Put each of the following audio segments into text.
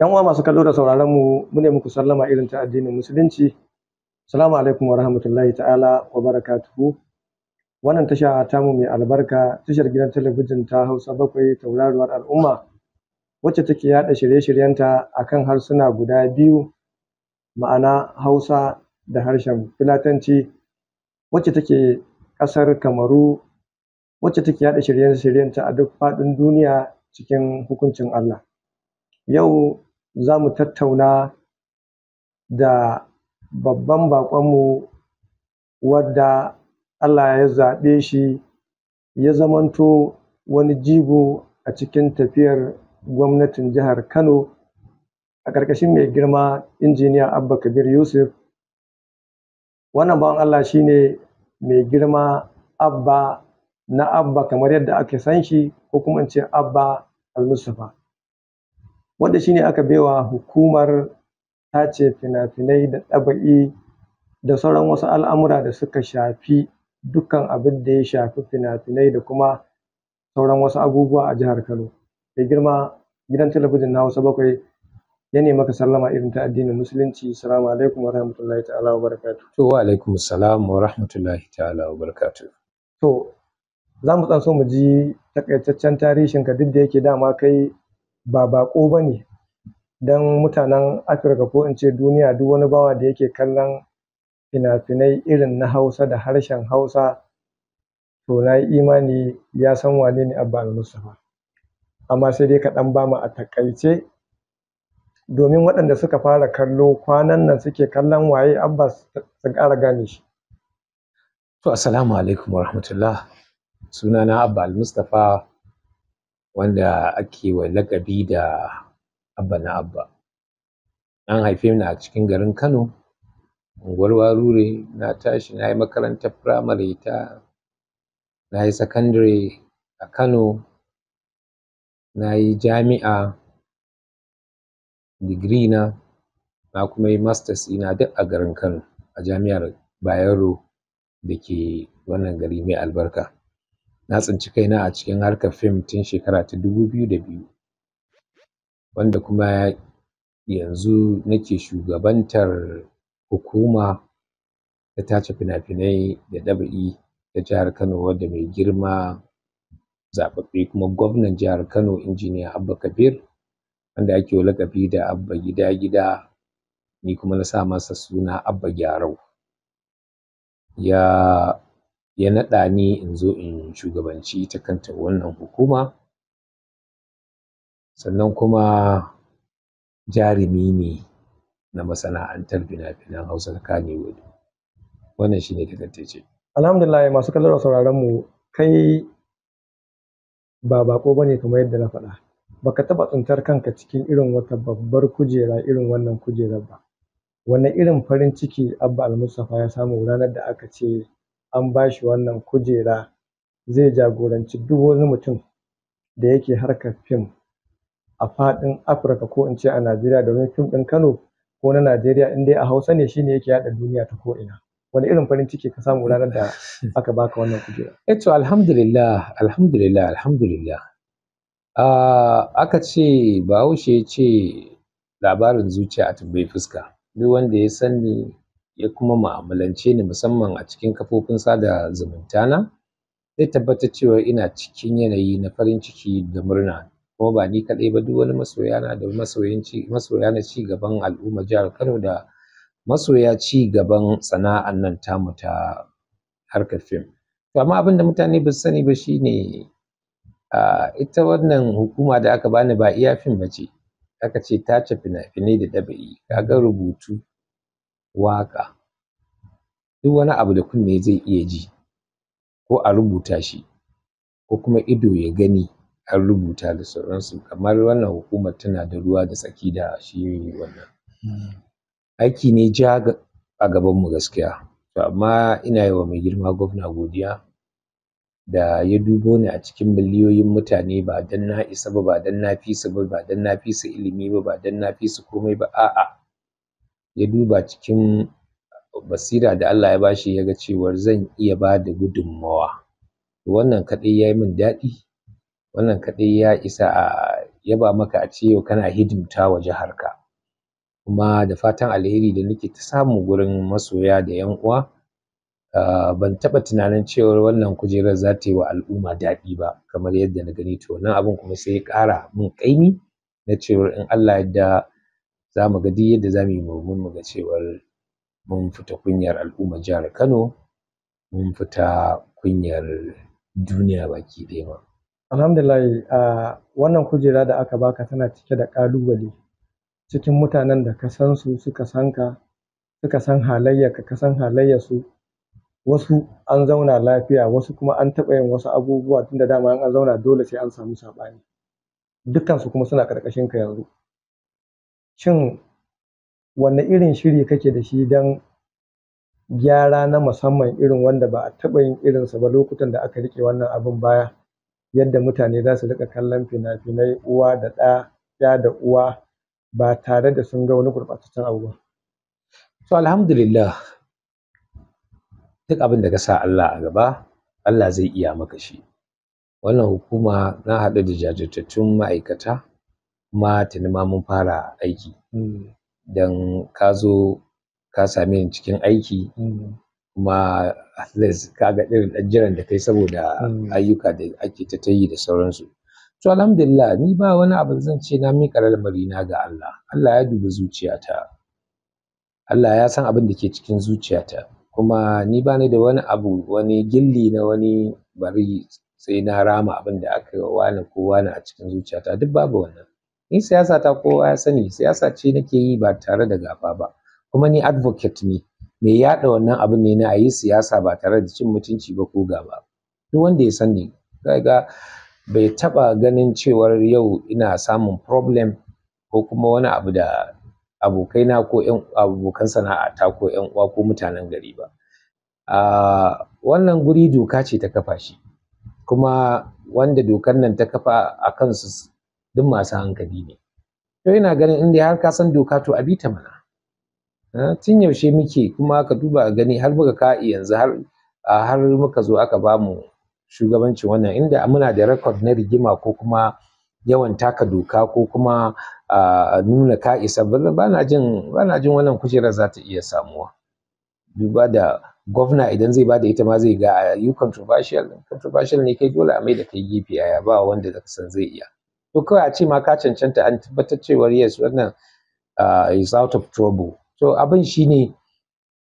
yan uwa masu kallo da sauraron mu mune muku sallama irin ta addinin musulunci assalamu alaikum wa rahmatullahi ta'ala wa barakatuhu wannan tasha ta mu mai albarka tashar gidan talabijin ta Hausa bakwai tauraruwar al'umma wacce take yada shirye-shiryenta akan harsuna guda biyu ma'ana Hausa da harshen Filatanci. wacce take ƙasar Kamaru wacce take yada shirye-shiryenta a duk faɗin duniya cikin hukuncin Allah. Yau za mu tattauna da babban baƙonmu wadda Allah ya zaɓe shi ya zamanto wani jigo a cikin tafiyar gwamnatin jihar Kano a ƙarƙashin mai girma Injiniya Abba Kabir Yusuf. Wannan bawan Allah shi ne mai girma Abba na Abba kamar yadda aka san shi ko kuma in ce Abba Al-Mustapha. wanda shi ne aka baiwa hukumar tace fina-finai da ɗaba'i da sauran wasu al'amura da suka shafi dukkan abin da ya shafi fina-finai da kuma sauran wasu abubuwa a jihar Kano. Mai girma gidan talabijin na Hausa Bakwai ya ne ka sallama irin ta addinin musulunci, salamu alaikum rahmatullahi ta'ala barakatu. To wa alaikum salam wa rahmatullahi ta'ala barakatu. To za mu ɗan so mu ji taƙaitaccen tarihinka duk da yake dama kai ba baƙo ne don mutanen Afirka ko in ce duniya duk wani bawa da yake kallon fina-finai irin na Hausa da harshen Hausa to na yi imani ya san wane ne Abba al-mustafa amma sai dai kaɗan ba bamu a takaice. domin waɗanda suka fara kallo kwanan nan suke kallon waye Abba su ƙara gane shi to assalamu alaikum warahmatullah sunana Abba al-mustafa wanda ake wa lakabi da Abba na Abba. An haife ni a cikin garin Kano, unguwar Warure, na tashi na yi makarantar firamare ta, na yi sakandare a Kano, na yi jami'a, digiri na, na kuma yi masters ɗina duk a garin Kano, a jami'ar Bayero da ke wannan gari mai albarka. na tsinci kaina a cikin harkar fim tun shekara ta dubu biyu da biyu wanda kuma yanzu nake shugabantar hukuma ta tace fina-finai da ɗab'i ta jihar Kano wadda mai girma zaɓaɓɓe kuma gwamnan jihar Kano Injiniya Abba Kabir wanda ake wa laƙabi da Abba gida-gida ni kuma na sa masa suna Abba Gyarau ya ya naɗa ni in zo in shugabanci ta kanta wannan hukuma sannan kuma jarumi ne na masana'antar fina-finan Hausa ta Kannywood wannan shi ne takaitacce. Alhamdulillah masu kallo da sauraron mu kai ba bako ne kamar yadda na faɗa ka taɓa tsintar kanka cikin irin wata babbar kujera irin wannan kujerar ba. Wane irin farin ciki Abba al-Mustapha ya samu ranar da aka ce an ba shi wannan kujera zai jagoranci duk wani mutum da yake harkar fim a faɗin Afirka ko in ce a Najeriya domin fim ɗin Kano ko na Najeriya in dai a Hausa ne shine yake yaɗa duniya ta ko'ina. Wani irin farin ciki ka samu ranar da aka baka wannan kujera? Eh to alhamdulillah, alhamdulillah, alhamdulillah. Ah, aka ce Bahaushe ya ce labarin zuciya a tambayi fuska. Duk wanda ya sani. ya kuma mu'amalance ni musamman a cikin kafofin sada zumunta na zai tabbatar cewa ina cikin yanayi na farin ciki da murna kuma ba ni kaɗai ba duk wani masoya na da ci masoya na ci gaban al'umma jihar Kano da masoya ci gaban sana'an nan tamu ta harkar fim to amma abin da mutane ba su sani ba shine a ita wannan hukuma da aka bani ba iya fim bace, ce aka ce tace fina-finai da ɗabi'i kaga rubutu waƙa duk wani abu da kunne zai iya ji ko a rubuta shi ko kuma ido ya gani an rubuta da sauransu kamar wannan hukumar tana da ruwa da tsaki da shi wannan hmm. aiki ne ja a gabanmu gaskiya to amma ina yi wa mai girma gwamna godiya da ya dubo ni a cikin miliyoyin mutane ba don na isa ba ba don na fi su ba ba don na fi su ilimi ba ba don na fi su komai ba a'a ya duba cikin basira da Allah ya bashi ga cewar zan iya bada gudummawa wannan kaɗai yayi min daɗi wannan kaɗai ya isa a yaba maka ce yau kana hidimta hidimtawa ka kuma da fatan alheri da nake ta samu gurin masoya da 'yan uwa ah, ban taɓa tunanin cewar wannan kujerar yi wa al'umma daɗi ba kamar yadda na gani to wannan abun kuma sai ya ƙara min ƙaimi na cewar in Allah ya yadda zamu mu ga duk yadda za mu yi mu ga cewar mun fita kunyar al'ummar jihar Kano mun fita kunyar duniya baki ɗaya ma. Alhamdulillahi a wannan kujera da aka baka tana cike da ƙalubale cikin mutanen da ka san su suka san ka suka san halayyar ka san su wasu an zauna lafiya wasu kuma an taɓa yin wasu abubuwa tunda dama an zauna dole sai an samu saɓani dukkansu kuma suna ƙarƙashin ka yanzu shin wane irin shiri kake da shi don gyara na musamman irin wanda ba a taɓa yin irinsa ba lokutan da aka riƙe wannan abin baya yadda mutane za su riƙa kallon fina-finai uwa da ɗa ƴa da uwa ba tare da sun ga wani gurɓataccen abu ba to alhamdulillah duk abin da ka sa Allah a gaba Allah zai iya maka shi wannan hukuma na haɗu da jajirtattun ma'aikata ma tuni ma mun fara aiki hmm. don ka zo ka same ni cikin aiki hmm. kuma at least ka ga irin ɗan jiran da kai saboda hmm. ayyuka da ake ta yi da sauransu to alhamdulillah ni ba wani abu zan ce na mika lamari na ga Allah Allah ya dubi zuciyata Allah ya san abin da ke cikin zuciyata kuma ni ba ni da wani abu wani gilli na wani bari sai na rama abin da aka wani ko wani a cikin zuciyata duk babu wannan Ni siyasa ta kowa ya sani, siyasa ce nake yi ba tare da gafa ba. Kuma ni advocate ne, mai yaɗa wannan abun ne na a yi siyasa ba tare da cin mutunci ba ko gaba. Duk wanda ya san ni, ka, ga bai taɓa ganin cewar yau ina samun problem ko kuma wani abu da abokaina ko ƴan abokan ta ko ƴan uwa ko mutanen gari ba. a wannan guri doka ce ta kafa shi. Kuma wanda dokan nan ta kafa a kansu duk masu hankali ne to ina ganin in dai har ka san doka to a bi ta mana tun yaushe muke kuma ka duba a gani har muka ka'i yanzu har har muka zo aka bamu shugabancin wannan inda muna da record na rigima ko kuma yawan taka doka ko kuma a nuna ka isa ba na jin wannan kujerar za ta iya samuwa duba da gwamna idan zai bada ita ma zai ga ah, you controversial controversial ne kai dole a mai da kai gefe yaya ba wanda da san zai iya to kawai a ce ma ka cancanta an tabbatar cewar yes wannan ah, is out of trouble to abin shine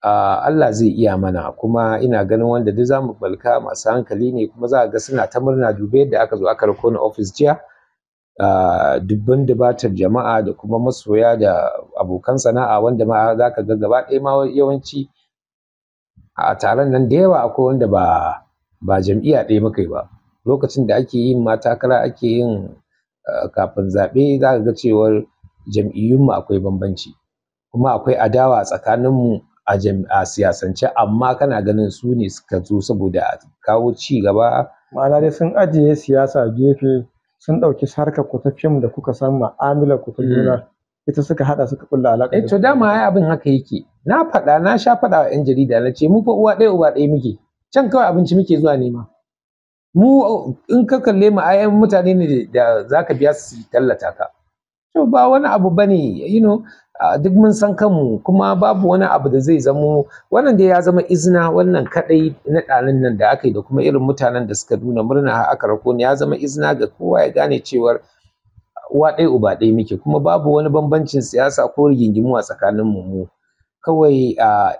ah, Allah zai iya mana kuma ina ganin wanda duk zamu balka masu hankali ne kuma za a ga suna ta murna dube yadda aka zo aka rako ni office jiya ah, dubban dubatar jama'a da kuma masoya da abokan sana'a wanda ma za ka ga gaba ɗaya ma yawanci a taron nan da yawa akwai wanda ba ba jam'iyya ɗaya muka yi ba lokacin da ake yin matakala ake yin Eh, kafin zaɓe za ka ga cewar mu akwai bambanci kuma akwai adawa tsakaninmu a a siyasance amma kana ganin su ne suka zo saboda a kawo ci gaba ma'ana dai sun ajiye siyasa gefe sun ɗauki harkar ku ta fim da kuka san ma'amalar ku ta hmm. juna ita suka haɗa suka kulla alaƙa eh, to dama ai abin haka yake na faɗa na sha faɗa wa 'yan jarida na ce mu fa uwa ɗaya uba ɗaya muke can kawai abinci muke zuwa nema mu in ka kalle mu ai mutane ne da zaka biya su tallata ka to ba wani abu bane you know duk mun san kanmu kuma babu wani abu da zai zamo wannan da ya zama izina wannan kadai na ɗanin nan da aka yi da kuma irin mutanen da suka nuna murna aka rako ne ya zama izina ga kowa ya gane cewar wa ɗaya uba ɗaya muke kuma babu wani bambancin siyasa ko rigingimu a tsakanin mu kawai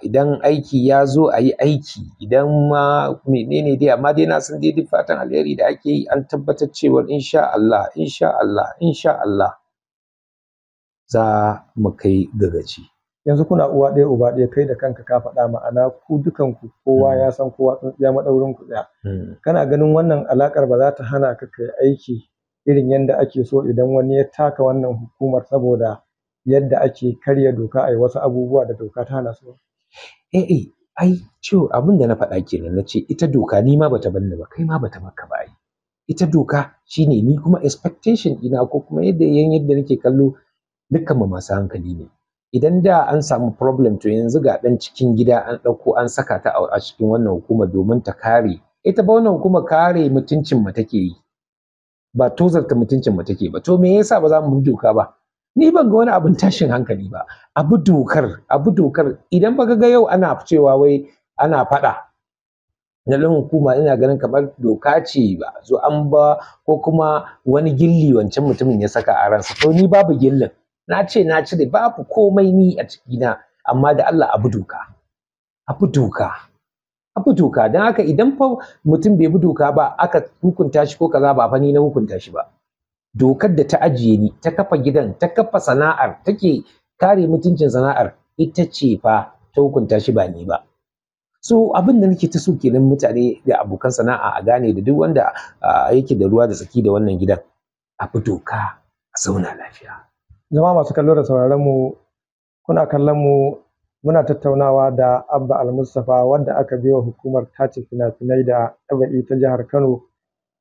idan aiki ya zo a yi aiki idan ma menene dai amma dai na san dai duk fatan alheri da ake yi an tabbatar cewa insha Allah insha Allah insha Allah za mu kai gagaci yanzu kuna uwa ɗaya uba ɗaya kai da kanka ka faɗa ma'ana ku dukanku kowa hmm. ya san kowa tsintsiya maɗaurin ku ɗaya hmm. kana ganin wannan alaƙar ba za ta hana ka kai aiki irin yadda ake so idan wani ya taka wannan hukumar saboda yadda ake karya doka ai wasu abubuwa da doka ta hana su eh eh ai ciwo abin da na faɗa kenan na ce ita doka ni ma bata banni ba kai ma bata baka ba ai ita doka shine ni kuma expectation ina ko kuma yadda yadda nake kallo dukkan mu masu hankali ne idan da an samu problem to yanzu ga ɗan cikin gida an ɗauko an saka ta a cikin wannan hukuma domin ta kare ita ba wannan hukuma kare mutuncin mu take yi ba tozarta mutuncin mu take ba to me yasa ba za mu bi doka ba ni ban ga wani abin tashin hankali ba abu dokar abu dokar idan baka ga yau ana cewa wai ana faɗa na ɗan hukuma ina ganin kamar doka ce ba zo an ba ko kuma wani gilli wancan mutumin ya saka a ransa to ni babu gillin na ce na cire babu komai ni a cikina amma da Allah abu doka abu doka abu doka don haka idan fa mutum bai bi doka ba aka hukunta shi ko kaza ba fa ni na hukunta shi ba dokar da ta ajiye ni ta kafa gidan ta kafa sana'ar take kare mutuncin sana'ar ita ce fa ta hukunta shi ba ni ba so abin da nake ta so kenan mutane da abokan sana'a a gane da duk wanda yake da ruwa da tsaki da wannan gidan a fi doka a zauna lafiya jama'a masu kallo da sauraron mu kuna kallon mu muna tattaunawa da abba almustafa mustapha wadda aka biyo hukumar tace fina-finai da ɗaba'i ta jihar kano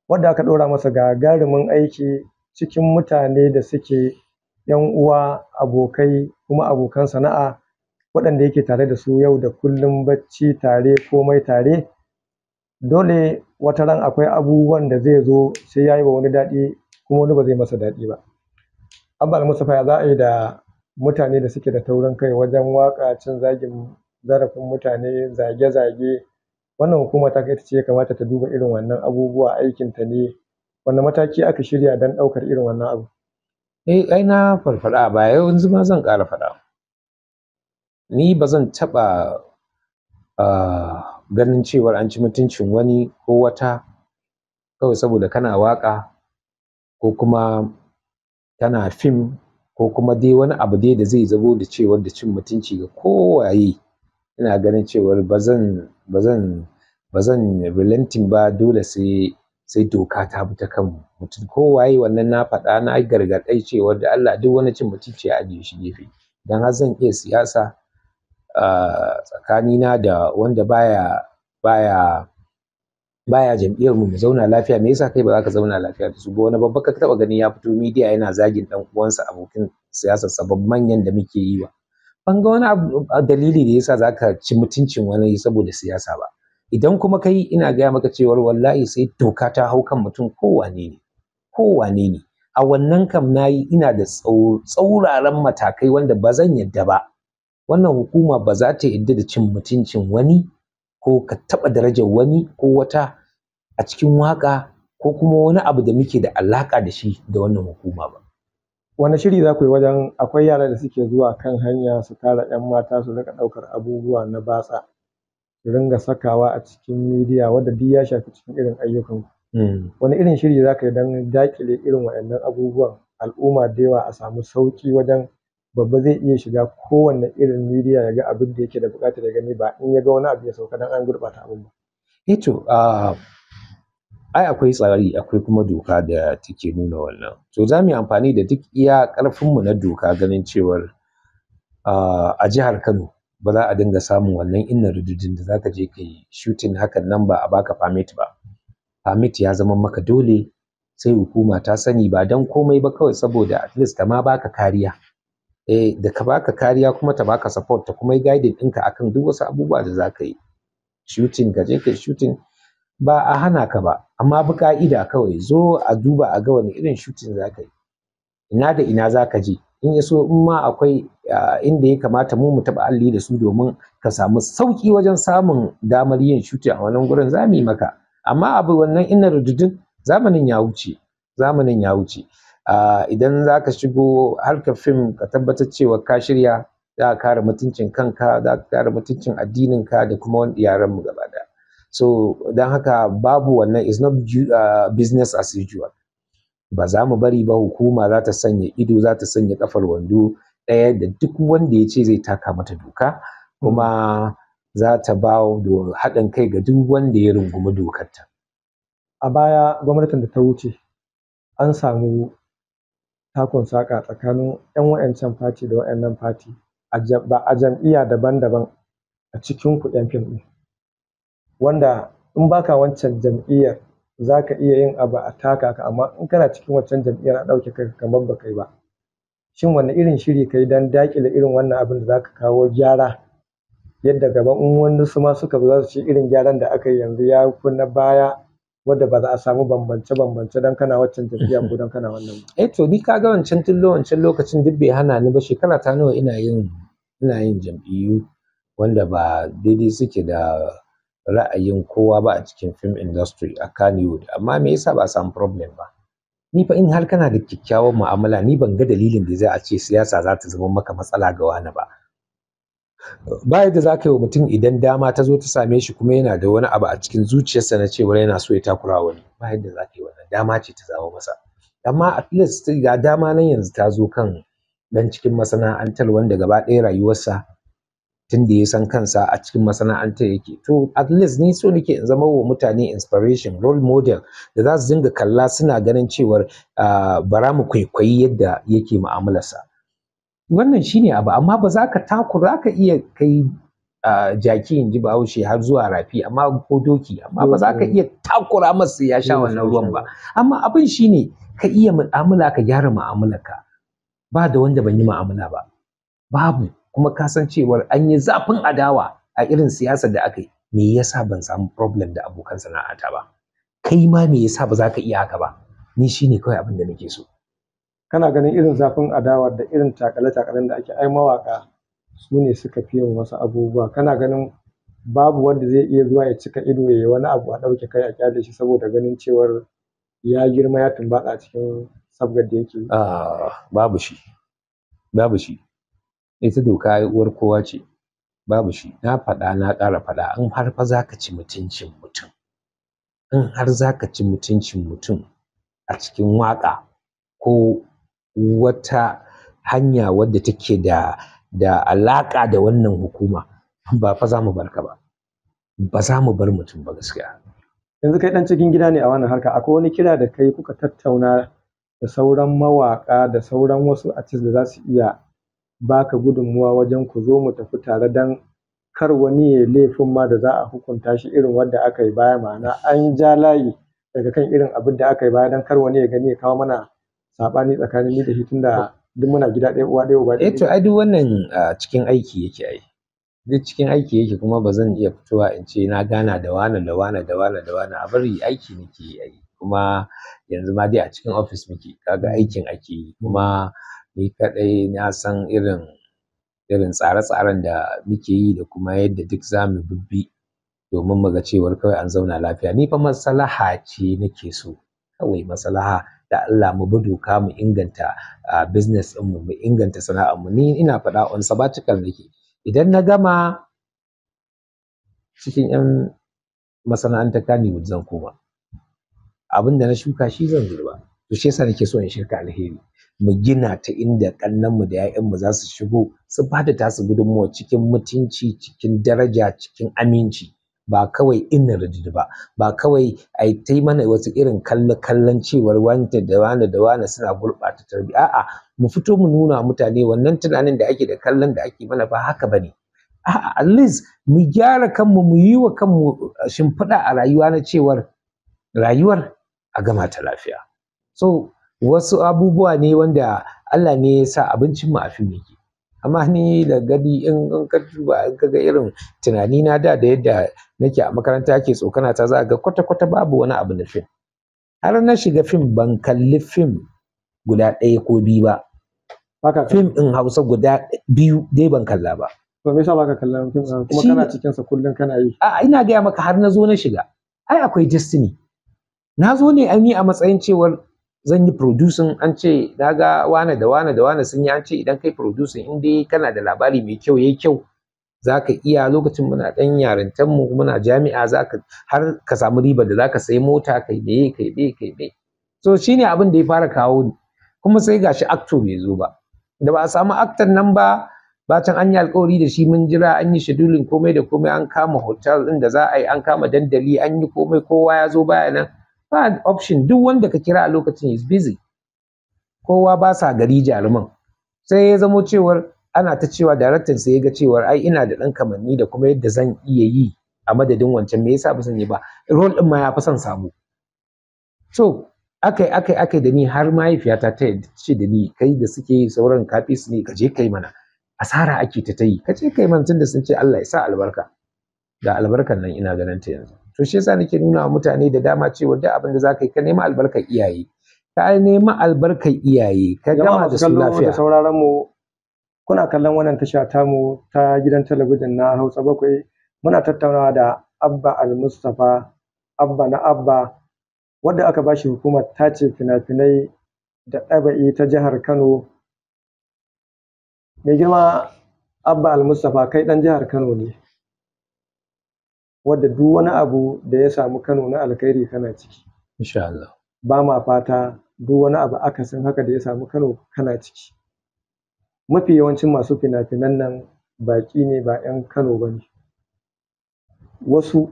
wadda aka ɗora masa gagarumin aiki cikin mutane da suke yan uwa, abokai kuma abokan sana'a waɗanda yake tare da su yau da kullum bacci tare komai tare dole wata ran akwai abubuwan da zai zo sai ya yi wa wani daɗi kuma wani ba zai masa daɗi ba Abba Almustapha ya za a yi da mutane da suke da taurin kai wajen waƙa, cin zagin zarafin mutane, zage-zage wannan hukuma ta ita ce ya kamata ta duba irin wannan abubuwa aikinta ne Wanne mataki aka shirya don ɗaukar irin wannan abu? Eh, ai na farfaɗa a baya, yanzu ma zan ƙara faɗa. Ni ba zan taɓa ah, ganin cewar an ci mutuncin wani ko wata kawai saboda kana waƙa ko kuma kana fim ko kuma dai wani abu dai da zai zabo da cewar da cin mutunci ga kowaye Ina ganin cewar ba zan, ba zan, ba zan relenting ba dole sai sai doka ta bi ta kan mutum waye wannan na faɗa na gargaɗai cewar da Allah duk wani cin mutunci ya ajiye shi gefe don har zan iya siyasa tsakanina da wanda baya baya baya jam'iyyar mu zauna lafiya me yasa kai ba za ka zauna lafiya da su ba wani babba ka taba ganin ya fito media yana zagin dan uwansa abokin siyasar sabon manyan da muke yi wa ban ga wani dalili da yasa zaka ci mutuncin wani saboda siyasa ba idan kuma kai ina gaya maka cewar wallahi sai doka ta hau kan mutum kowane ne kowane ne a wannan kam nayi ina da tsauraran matakai wanda ba zan yadda ba wannan hukuma ba za ta yadda da cin mutuncin wani ko ka taɓa darajar wani ko wata a cikin waƙa ko kuma wani abu da muke da alaƙa da shi da wannan hukuma ba wani shiri za ku yi wajen akwai yaran da suke zuwa kan hanya su tara 'yan mata su rika ɗaukar abubuwa na batsa ringa sakawa a cikin media wanda duk ya shafi cikin irin ayyukan ku hmm. wani irin shiri za ka yi don dakile irin waɗannan abubuwan al'umma da yawa a samu sauƙi wajen babba zai iya shiga kowanne irin media ya ga abin da yake da buƙatar ya gani ba in ya ga wani abu ya sauka don an gurɓata abin ba. Ito, eh ai akwai tsari akwai kuma doka da take nuna wannan. To za mu yi amfani da duk iya ƙarfinmu na doka ganin cewar a jihar Kano ba za a dinga samun wannan innar rijijin da za ka je kai shooting hakan nan ba a baka permit ba permit ya zama maka dole sai hukuma ta sani ba don komai ba kawai saboda at least ta ma baka kariya eh da ka baka kariya kuma ta baka support ta kuma yi guiding ɗinka akan duk wasu abubuwa da za ka yi shooting ka je kai shooting ba a hana ka ba amma bi ka'ida kawai zo a duba a ga wani irin shooting ka yi ina da ina za ka je in ya so in ma akwai inda ya kamata mu mu taɓa alli da su domin ka samu sauƙi wajen samun damar yin shuti a wannan gurin za mu yi maka amma abu wannan ina rududin zamanin ya wuce zamanin ya wuce idan za ka shigo harkar fim ka tabbatar cewa ka shirya za ka kare mutuncin kanka za ka kare mutuncin addininka da kuma wani yaran mu gaba ɗaya so don haka babu wannan is not business as usual ba za mu bari ba hukuma za ta sanya ido za ta sanya ƙafar wando ɗaya da duk wanda ya ce zai taka mata doka kuma za ta ba haɗin kai ga duk wanda ya rungumi dokarta. A baya gwamnatin da ta wuce an samu takon saƙa tsakanin 'yan wa'ancan fati da wa'annan fati a jam'iyya daban-daban a cikin ku 'yan fim ɗin wanda in baka wancan jam'iyyar zaka iya yin abu a taka ka amma in kana cikin wancan jam'iyyar a ɗauke ka kamar ba kai ba shin wanne irin shiri kai don daƙile irin wannan abin da zaka kawo gyara yadda gaba in wani su ma suka zo za su ce irin gyaran da aka yi yanzu ya fi na baya wadda ba za a samu bambance-bambance don kana wancan jam'iyya ko don kana wannan ba. Eh to ni ka ga wancan tun wancan lokacin duk bai hana ni ba shekara ta nawa ina yin ina yin jam'iyyu wanda ba daidai suke da ra'ayin kowa ba a cikin film industry a Kannywood amma me yasa ba a samu problem ba ni fa in har kana da kyakkyawan mu'amala ni ban ga dalilin da za a ce siyasa za ta zama maka matsala ga wani ba ba yadda za ka yi wa mutum idan dama ta zo ta same shi kuma yana da wani abu a cikin zuciyarsa na cewa yana so ya takura wani ba yadda za ka yi wannan dama ce ta zama masa amma at least ga dama nan yanzu ta zo kan ɗan cikin masana'antar wanda gaba ɗaya rayuwarsa tunda ya san kansa a cikin masana'antar yake to at least ni so nake in zama wa mutane inspiration role model da za su dinga kalla suna ganin cewar bara mu kwaikwayi yadda yake mu'amalarsa wannan shine abu amma ba za ka takura ka iya kai jaki in ji bahaushe har zuwa rafi amma ko doki amma ba za ka iya takura masa ya sha wannan ruwan ba amma abin shine ka iya mu'amala ka gyara mu'amalarka ba da wanda ban yi mu'amala ba babu kuma ka san cewar an yi zafin adawa a irin siyasar da aka yi me yasa ban samu problem da abokan sana'ata ba kai ma me yasa ba za ka iya haka ba ni shine kawai abin da nake so kana ganin irin zafin adawa da irin takale-takalen da ake ai mawaka su ne suka fi yin wasu abubuwa kana ganin babu wanda zai iya zuwa ya cika ido ya yi wani abu a ɗauke kai a kyale shi saboda ganin cewar ya girma ya tumbatsa cikin sabgar da yake ah, babu shi babu shi ita doka ai uwar kowa ce babu shi na faɗa na ƙara faɗa in har fa zaka ci mutuncin mutum in har zaka ci mutuncin mutum a cikin waƙa ko wata hanya wadda take da da alaƙa da wannan hukuma ba fa za mu bar ka ba ba za mu bar mutum ba gaskiya yanzu kai dan cikin gida ne a wannan harka akwai wani kira da kai kuka tattauna da sauran mawaƙa da sauran wasu artist da za su iya baka gudunmawa wajen ku zo mu tafi tare dan kar wani ya laifin ma da za a hukunta shi irin wanda aka yi baya ma'ana an ja layi daga kan irin abin da aka yi baya dan kar wani ya gani ya kawo mana saɓani tsakanin ni da shi tunda duk muna gida ɗaya uwa ɗaya uba ɗaya. Eh to ai duk wannan cikin aiki yake ai. Duk cikin aiki yake kuma ba zan iya fitowa in ce na gana da wane da wane da wane da wane a bari aiki nake yi ai. Kuma yanzu ma dai a cikin ofis muke kaga aikin ake yi kuma ni kaɗai na san irin irin tsare-tsaren da muke yi da kuma yadda duk za mu bibbi domin mu ga cewar kawai an zauna lafiya ni fa maslaha ce nake so kawai maslaha da Allah mu bi doka mu inganta business ɗinmu mu inganta sana'armu ni ina faɗa on sabbatical nake idan na gama cikin 'yan masana'antar Kannywood zan koma abin da na shuka shi zan girba to shi yasa nake so in shirka alheri mu gina ta inda ƙannenmu da 'ya'yanmu za su shigo su bada tasu gudunmawar cikin mutunci cikin daraja cikin aminci ba kawai inna rididi ba ba kawai a yi mana wasu irin kallo kallon cewar wanda da wani da wani suna gurɓata tarbiyya a'a mu fito mu nuna mutane wannan tunanin da ake da kallon da ake mana ba haka bane a'a at least mu gyara kanmu mu yi wa kanmu shimfiɗa a rayuwa na cewar rayuwar a gama ta lafiya so wasu abubuwa ne wanda Allah ne ya sa abincin mu a fim yake amma ni da gadi in ka duba in ka ga irin tunani na da da yadda nake a makaranta ake tsokana ta za ga kwata kwata babu wani abu na fim har na shiga fim ban kalli fim guda ɗaya ko biyu ba fim ɗin Hausa guda biyu dai ban kalla ba to me yasa baka kalla fim kuma kana cikin sa kullun kana yi a ina gaya maka har na zo na shiga ai akwai destiny na zo ne an yi a matsayin cewar zan yi producing an ce na ga wane da wane da wane sun yi an ce idan kai producing in dai kana da labari mai kyau yayi kyau za ka iya lokacin muna ɗan yarintan mu muna jami'a za ka har ka samu riba da za ka sayi mota kai meye kai meye kai meye so shine abin da ya fara kawo ni kuma sai gashi acto bai zo ba da ba a samu aktan nan ba bacin an yi alkawari da shi mun jira an yi shedulin komai da komai an kama hotel din da za a yi an kama dandali an yi komai kowa ya zo baya nan ba option duk wanda ka kira a lokacin is busy kowa ba sa gari jaruman sai ya zamo cewar ana ta cewa daraktan sai ya ga cewar ai ina da ɗan kamanni da kuma yadda zan iya yi a madadin wancan me yasa ba zan yi ba role din ma ya fi son sabo so akai akai akai da ni har mahaifiyata ta ce da ni kai da suke sauran kafi su ne ka je kai mana asara ake ta ta yi ka je kai mana tunda sun ce Allah ya sa albarka da albarkan nan ina ganin ta yanzu to shi yasa nake nuna wa mutane da dama cewa duk abin da za ka yi ka nema albarkar iyaye ka nema albarkar iyaye ka gama da su lafiya da sauraron mu kuna kallon wannan tasha ta mu ta gidan talabijin na Hausa bakwai muna tattaunawa da Abba Al-Mustafa Abba na Abba wanda aka bashi hukumar tace fina-finai da ɗaba'i ta jihar Kano mai girma Abba Al-Mustafa kai ɗan jihar Kano ne wadda duk wani abu da ya samu Kano na alkhairi kana ciki ba ma fata duk wani abu akasin haka da ya samu Kano kana ciki mafi yawancin masu fina-finan nan baƙi ne ba 'yan Kano ba ne wasu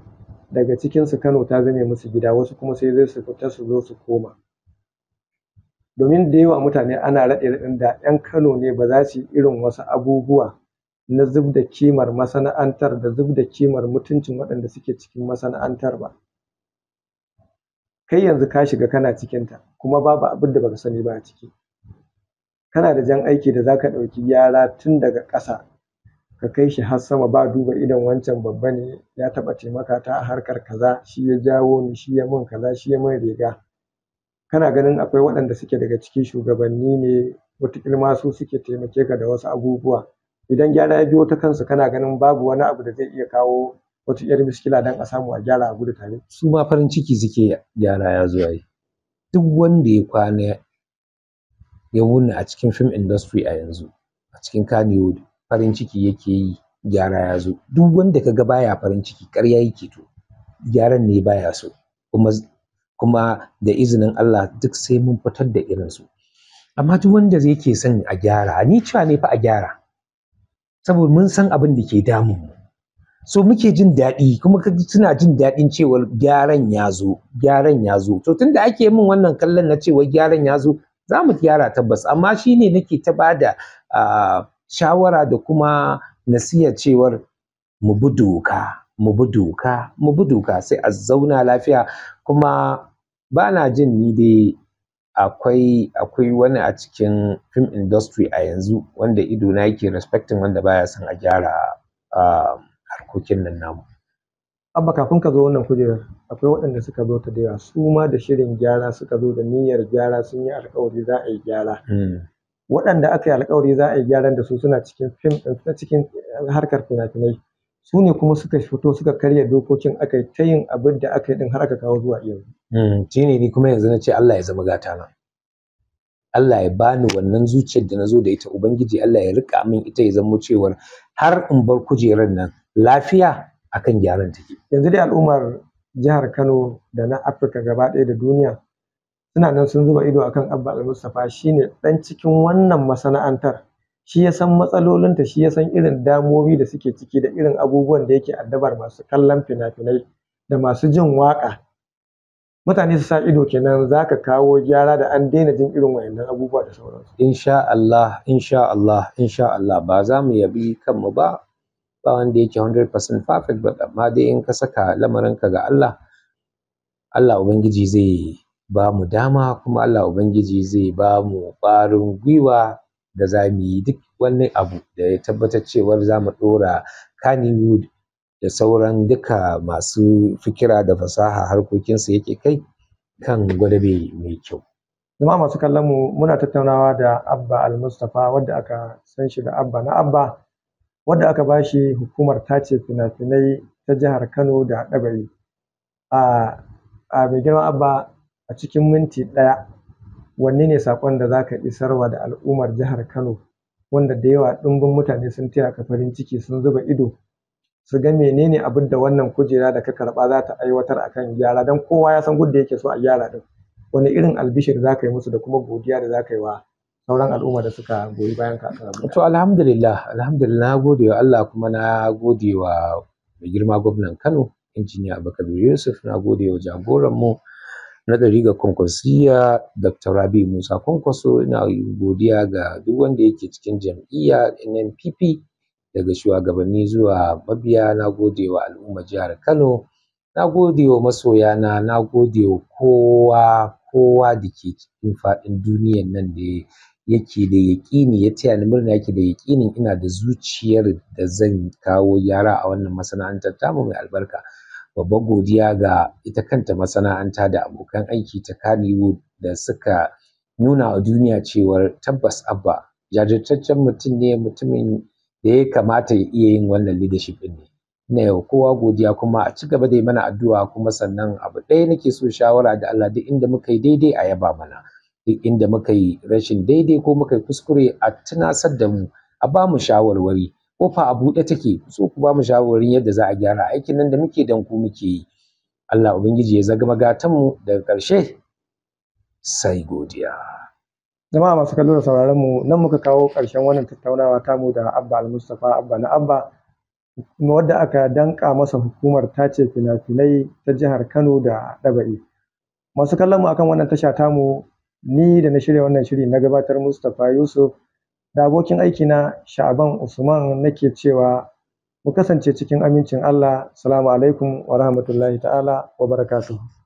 daga cikinsu Kano ta zame musu gida wasu kuma sai zai su fita su zo su koma domin da yawa mutane ana raɗe-raɗin da 'yan Kano ne ba za su yi irin wasu abubuwa na zub da kimar masana'antar da zub da kimar mutuncin waɗanda suke cikin masana'antar ba kai yanzu ka shiga kana cikin ta kuma babu abin da baka sani ba a ciki kana da jan aiki da zaka ɗauki gyara tun daga ƙasa ka kai shi har sama ba duba idon wancan babba ne ya taɓa taimaka ta a harkar kaza shi ya jawo ni shi ya min kaza shi ya min riga kana ganin akwai waɗanda suke daga cikin shugabanni ne wataƙila ma su suke taimake ka da wasu abubuwa idan gyara ya biyo ta kansa kana ganin babu wani abu da zai iya kawo wata 'yar miskila don a samu a gyara a gudu tare su ma farin ciki suke gyara ya zo yi. duk wanda ya kwana ya wuni a cikin film industry a yanzu a cikin Kannywood farin ciki yake yi gyara ya zo duk wanda ka kaga baya farin ciki ƙarya yake to gyaran ne baya so kuma kuma da izinin Allah duk sai mun fitar da irinsu amma duk wanda yake son a gyara ni cewa ne fa a gyara saboda mun san abin da ke damun mu so muke jin daɗi kuma suna jin daɗin cewar gyaran ya zo gyaran ya zo to tunda ake min wannan kallon na cewa gyaran ya zo za mu gyara tabbas amma shi ne nake ta ba da shawara da kuma nasiya cewar mu bi doka mu bi doka mu bi doka sai a zauna lafiya kuma ba na jin ni dai akwai akwai wani a cikin film industry a yanzu wanda ido na yake respecting wanda baya son a gyara um, harkokin nan namu abba kafin ka zo wannan kujerar akwai waɗanda suka zo ta da yawa su ma da shirin gyara suka zo da niyyar gyara sun yi alkawari za a yi gyara hmm. waɗanda aka yi alkawari za a yi gyaran da su suna cikin fim suna cikin harkar fina-finai su ne kuma suka fito suka karya dokokin aka yi ta yin abin da aka yi din har aka kawo zuwa yanzu Hmm, shi ne ni kuma yanzu na ce Allah ya zama gata na Allah ya bani wannan zuciyar da na zo da ita ubangiji Allah ya rika min ita ya zama cewar har in bar kujerar nan lafiya akan gyaran take yanzu dai al'ummar jihar Kano da na Afirka gaba ɗaya da duniya suna nan sun zuba ido akan Abba Al-Mustafa shine dan cikin wannan masana'antar shi ya san matsalolinta shi ya san irin damomi da suke ciki da irin abubuwan da yake addabar masu kallon fina-finai da masu jin waƙa mutane su sa ido kenan za ka kawo gyara da an daina jin irin wayannan abubuwa da sauransu insha Allah insha Allah insha Allah ba za mu yabi kanmu ba ba wanda yake 100% perfect ba amma dai in ka saka lamarin ka ga Allah Allah ubangiji zai ba mu dama kuma Allah ubangiji zai ba mu ƙwarin gwiwa da za mu yi duk wani abu da ya tabbatar cewar za mu ɗora Kannywood da sauran duka masu fikira da fasaha harkokinsu yake kai kan gwadabe mai kyau. Zama masu kallon mu muna tattaunawa da Abba Al-Mustapha wadda aka san shi da Abba na Abba wadda aka ba shi hukumar tace fina-finai ta jihar Kano da Ɗabari. A mai girma Abba a cikin minti ɗaya wanne ne saƙon da zaka isarwa da al'ummar jihar Kano wanda da yawa ɗumbin mutane sun taya ka farin ciki sun zuba ido su ga menene abin da wannan kujera da ka karɓa za ta aiwatar akan gyara don kowa ya san gudda yake so a gyara din wani irin albishir za ka yi musu da kuma godiya da za ka yi wa sauran al'umma da suka goyi bayan ka akan to alhamdulillah alhamdulillah na gode wa Allah kuma na gode wa mai girma gwamnan Kano injiniya Abubakar Yusuf na gode wa jagoran mu na ɗari ga kwankwasiya Dr. Rabi Musa Kwankwaso ina godiya ga duk wanda yake cikin jam'iyya NNPP daga shugabanni zuwa mabiya na gode wa al'ummar jihar Kano na gode wa masoyana na gode wa kowa kowa da ke cikin faɗin duniyan nan da yake da yaƙini ya taya ni murna yake da yaƙinin ina da zuciyar da zan kawo gyara a wannan masana'antar tamu mai albarka babbar godiya ga ita kanta masana'anta da abokan aiki ta Kannywood da suka nuna wa duniya cewar tabbas Abba jajirtaccen mutum ne mutumin da ya kamata ya iya yin wannan leadership ɗin ne ina yawa kowa godiya kuma a ci gaba da yi mana addu'a kuma sannan abu ɗaya nake so shawara da Allah duk inda muka yi daidai a yaba mana duk inda muka yi rashin daidai ko muka yi kuskure a tunasar da mu a ba mu shawarwari kofa a buɗe take so ku ba mu shawarwarin yadda za a gyara aikin nan da muke dan ku muke yi Allah ubangiji ya zama gatan mu daga ƙarshe sai godiya Jama'a masu kallo da sauraron mu nan muka kawo ƙarshen wannan tattaunawa ta mu da Abba Al-Mustapha Abba na Abba wadda aka danka masa hukumar tace fina-finai ta jihar Kano da Daba'i. Masu kallon mu akan wannan tasha mu ni da na shirya wannan shiri na gabatar Mustapha Yusuf da abokin aiki na Sha'aban Usman nake cewa mu kasance cikin amincin Allah. Assalamu alaikum wa rahmatullahi ta'ala wa barakatuh